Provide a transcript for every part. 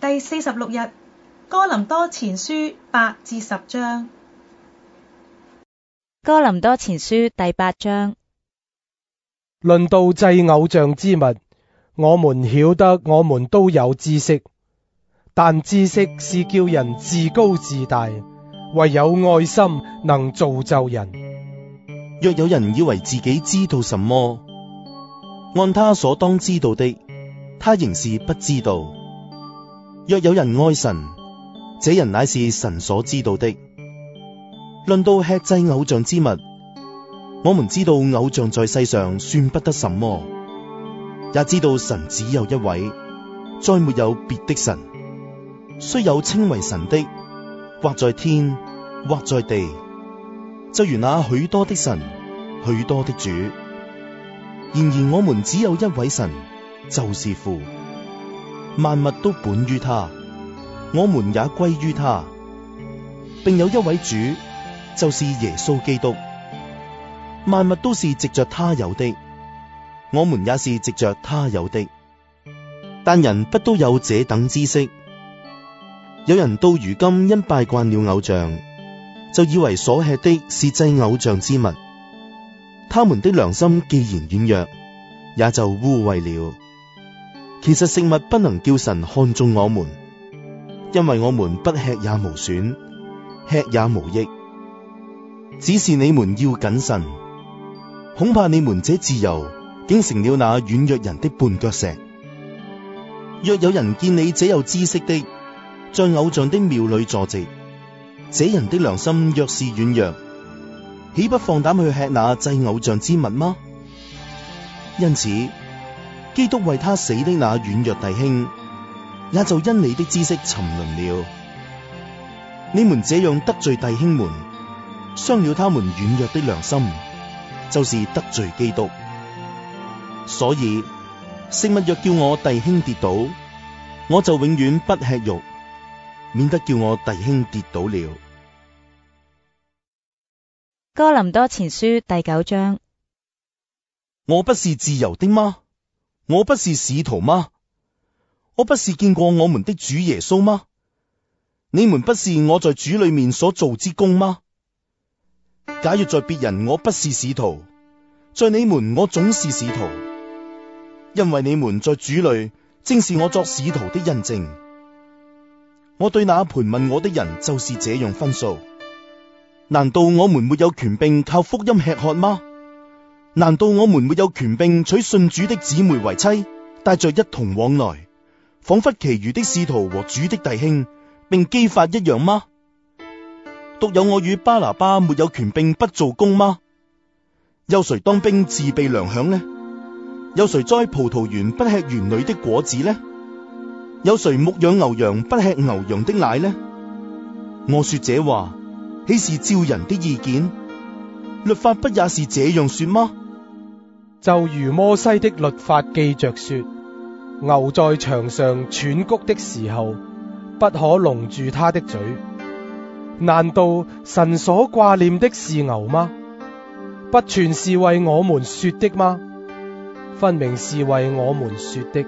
第四十六日，《哥林多前書》八至十章，《哥林多前書》第八章。論到祭偶像之物，我們曉得我們都有知識，但知識是叫人自高自大，唯有愛心能造就人。若有人以為自己知道什麼，按他所當知道的，他仍是不知道。若有人愛神，這人乃是神所知道的。論到吃祭偶像之物，我們知道偶像在世上算不得什麼，也知道神只有一位，再沒有別的神。雖有稱為神的，或在天，或在地，就如那許多的神，許多的主。然而我們只有一位神，就是父。萬物都本於他，我們也歸於他，並有一位主，就是耶穌基督。萬物都是藉着他有的，我們也是藉着他有的。但人不都有這等知識？有人到如今因拜慣了偶像，就以為所吃的是祭偶像之物。他們的良心既然軟弱，也就污穢了。其實食物不能叫神看中我們，因為我們不吃也無損，吃也無益。只是你們要謹慎，恐怕你們這自由竟成了那軟弱人的絆腳石。若有人見你這有知識的，在偶像的廟裏坐席，這人的良心若是軟弱，豈不放膽去吃那祭偶像之物嗎？因此，基督為他死的那軟弱弟兄，也就因你的知識沉淪了。你們這樣得罪弟兄們，傷了他們軟弱的良心，就是得罪基督。所以食物若叫我弟兄跌倒，我就永遠不吃肉，免得叫我弟兄跌倒了。哥林多前書第九章。我不是自由的嗎？我不是使徒嗎？我不是見過我們的主耶穌嗎？你們不是我在主裏面所做之工嗎？假如在別人我不是使徒，在你們我總是使徒，因為你們在主裏正是我作使徒的印證。我對那盤問我的人就是這樣分數。難道我們沒有權柄靠福音吃喝嗎？難道我們沒有權柄娶信主的姊妹為妻，帶着一同往來，仿佛其餘的使徒和主的弟兄並基法一樣嗎？獨有我與巴拿巴沒有權柄不做工嗎？有誰當兵自備糧餉呢？有誰栽葡萄園不吃園裏的果子呢？有誰牧養牛羊不吃牛羊的奶呢？我說這話，豈是照人的意見？律法不也是這樣說嗎？就如摩西的律法記着說，牛在場上踹谷的時候，不可籠住它的嘴。難道神所掛念的是牛嗎？不全是為我們說的嗎？分明是為我們說的，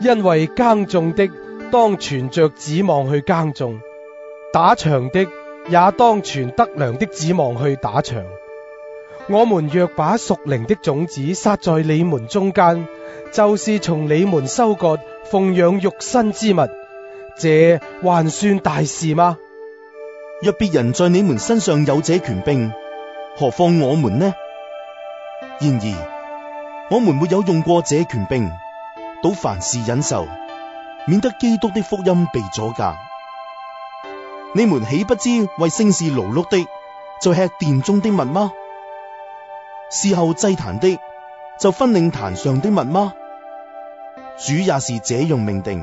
因為耕種的當存着指望去耕種，打場的也當存得糧的指望去打場。我們若把屬靈的種子撒在你們中間，就是從你們收割奉養肉身之物，這還算大事嗎？若別人在你們身上有這權柄，何況我們呢？然而，我們沒有用過這權柄，倒凡事忍受，免得基督的福音被阻隔。你們豈不知為聖事勞碌的，就吃殿中的物嗎？事後祭壇的就分領壇上的物嗎？主也是這樣命定，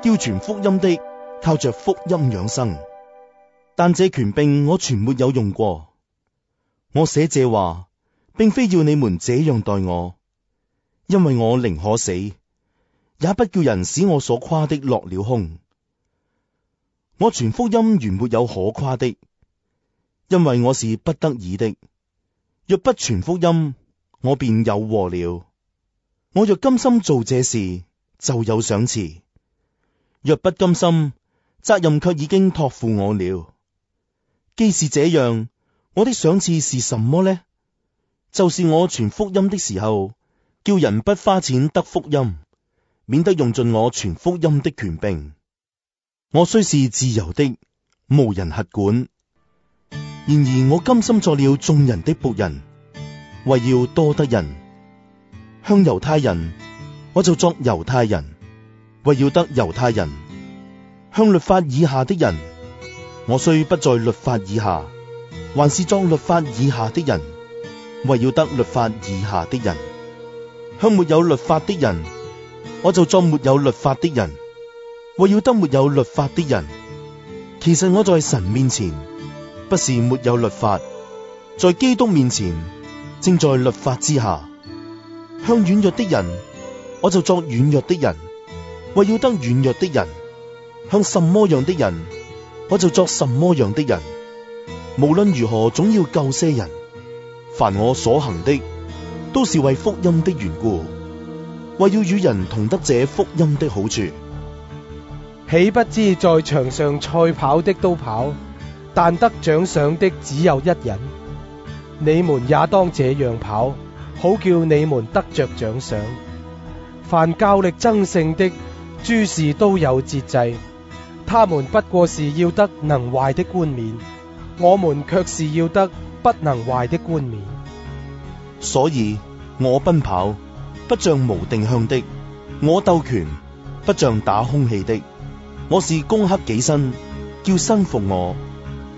叫傳福音的靠着福音養生。但這權柄我全沒有用過。我寫這話，並非要你們這樣待我，因為我寧可死，也不叫人使我所誇的落了空。我傳福音原沒有可誇的，因為我是不得已的。若不傳福音，我便有禍了。我若甘心做這事，就有賞賜；若不甘心，責任卻已經託付我了。既是這樣，我的賞賜是什麼呢？就是我傳福音的時候，叫人不花錢得福音，免得用盡我傳福音的權柄。我雖是自由的，無人轄管。然而我甘心做了眾人的僕人，為要多得人；向猶太人，我就作猶太人，為要得猶太人；向律法以下的人，我雖不在律法以下，還是作律法以下的人，為要得律法以下的人；向沒有律法的人，我就作沒有律法的人，為要得沒有律法的人。其實我在神面前。不是沒有律法，在基督面前，正在律法之下，向軟弱的人，我就作軟弱的人，為要得軟弱的人；向什麼樣的人，我就作什麼樣的人。無論如何，總要救些人。凡我所行的，都是為福音的緣故，為要與人同得這福音的好處。豈不知在場上賽跑的都跑？但得獎賞的只有一人，你們也當這樣跑，好叫你們得着獎賞。凡較力爭勝的，諸事都有節制，他們不過是要得能壞的冠冕，我們却是要得不能壞的冠冕。所以，我奔跑不像無定向的，我鬥拳不像打空氣的，我是攻克己身，叫身服我。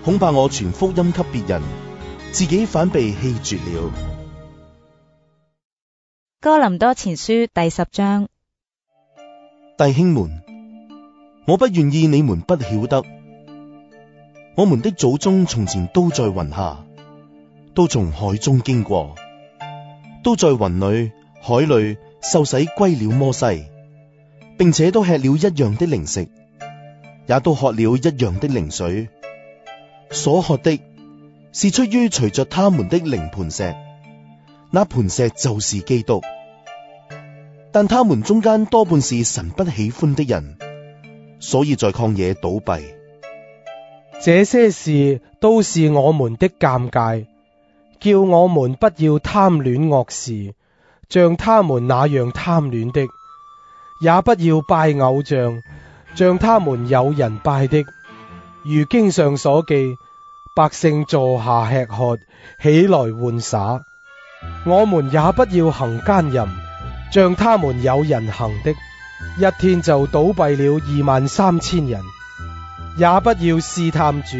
恐怕我傳福音給別人，自己反被棄絕了。哥林多前書第十章，弟兄們，我不願意你們不曉得，我們的祖宗從前都在雲下，都從海中經過，都在雲裏、海裏受洗歸了摩西，並且都吃了一樣的靈食，也都喝了一樣的靈水。所喝的是出於隨着他們的靈磐石，那磐石就是基督。但他們中間多半是神不喜歡的人，所以在曠野倒斃。這些事都是我們的鑑戒，叫我們不要貪戀惡事，像他們那樣貪戀的；也不要拜偶像，像他們有人拜的。如經上所記，百姓坐下吃喝，起來玩耍。我們也不要行奸淫，像他們有人行的，一天就倒斃了二萬三千人；也不要試探主，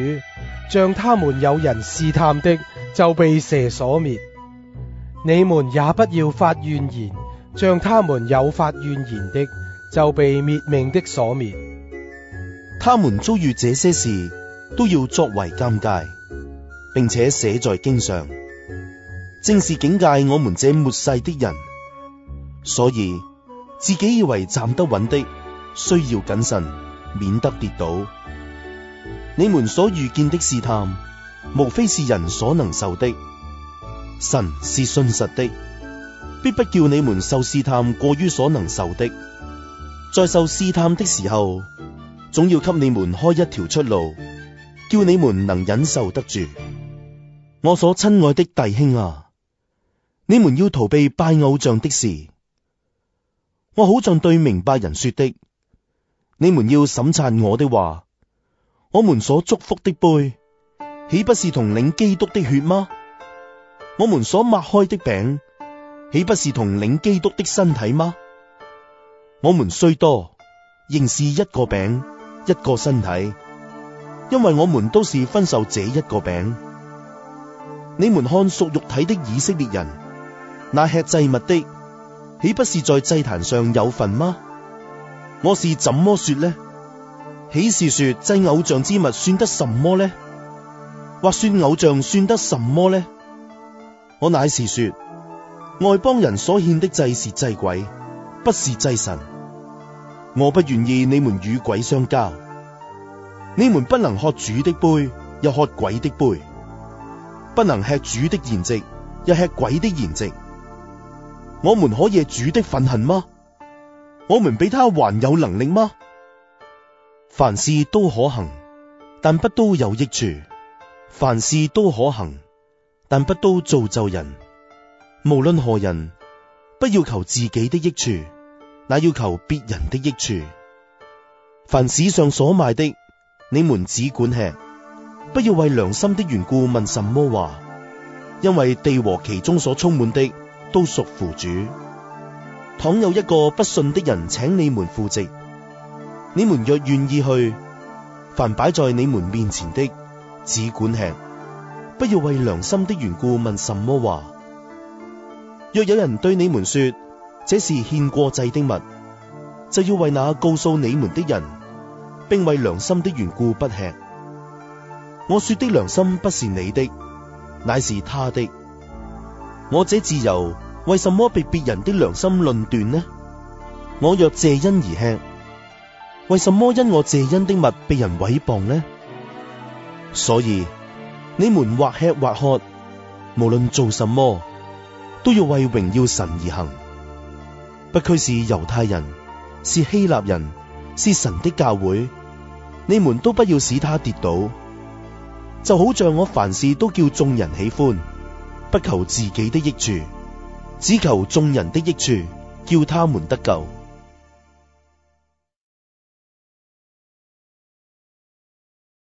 像他們有人試探的，就被蛇所滅。你們也不要發怨言，像他們有發怨言的，就被滅命的所滅。他們遭遇這些事，都要作為鑒戒，並且寫在經上，正是警戒我們這末世的人。所以，自己以為站得穩的，需要謹慎，免得跌倒。你們所遇見的試探，無非是人所能受的。神是信實的，必不叫你們受試探過於所能受的。在受試探的時候，總要給你們開一條出路，叫你們能忍受得住。我所親愛的弟兄啊，你們要逃避拜偶像的事。我好像對明白人說的，你們要審察我的話。我們所祝福的杯，豈不是同領基督的血嗎？我們所擘開的餅，豈不是同領基督的身體嗎？我們雖多，仍是一個餅。一個身體，因為我們都是分受這一個餅。你們看屬肉體的以色列人，那吃祭物的，豈不是在祭壇上有份嗎？我是怎麼說呢？豈是說祭偶像之物算得什麼呢？或算偶像算得什麼呢？我乃是說，外邦人所獻的祭是祭鬼，不是祭神。我不願意你們與鬼相交，你們不能喝主的杯，又喝鬼的杯；不能吃主的筵席，又吃鬼的筵席。我們可惹主的憤恨嗎？我們比他還有能力嗎？凡事都可行，但不都有益處；凡事都可行，但不都造就人。無論何人，不要求自己的益處。乃要求別人的益處，凡市上所賣的，你們只管吃，不要為良心的緣故問什麼話，因為地和其中所充滿的都屬乎主。倘有一個不信的人請你們赴席，你們若願意去，凡擺在你們面前的，只管吃，不要為良心的緣故問什麼話。若有人對你們說，這是獻過祭的物，就要為那告訴你們的人，並為良心的緣故不吃。我說的良心不是你的，乃是他的。我這自由為什麼被別人的良心論斷呢？我若謝恩而吃，為什麼因我謝恩的物被人毀謗呢？所以你們或吃或喝，無論做什麼，都要為榮耀神而行。不拘是猶太人，是希臘人，是神的教會，你們都不要使他跌倒。就好像我凡事都叫眾人喜歡，不求自己的益處，只求眾人的益處，叫他們得救。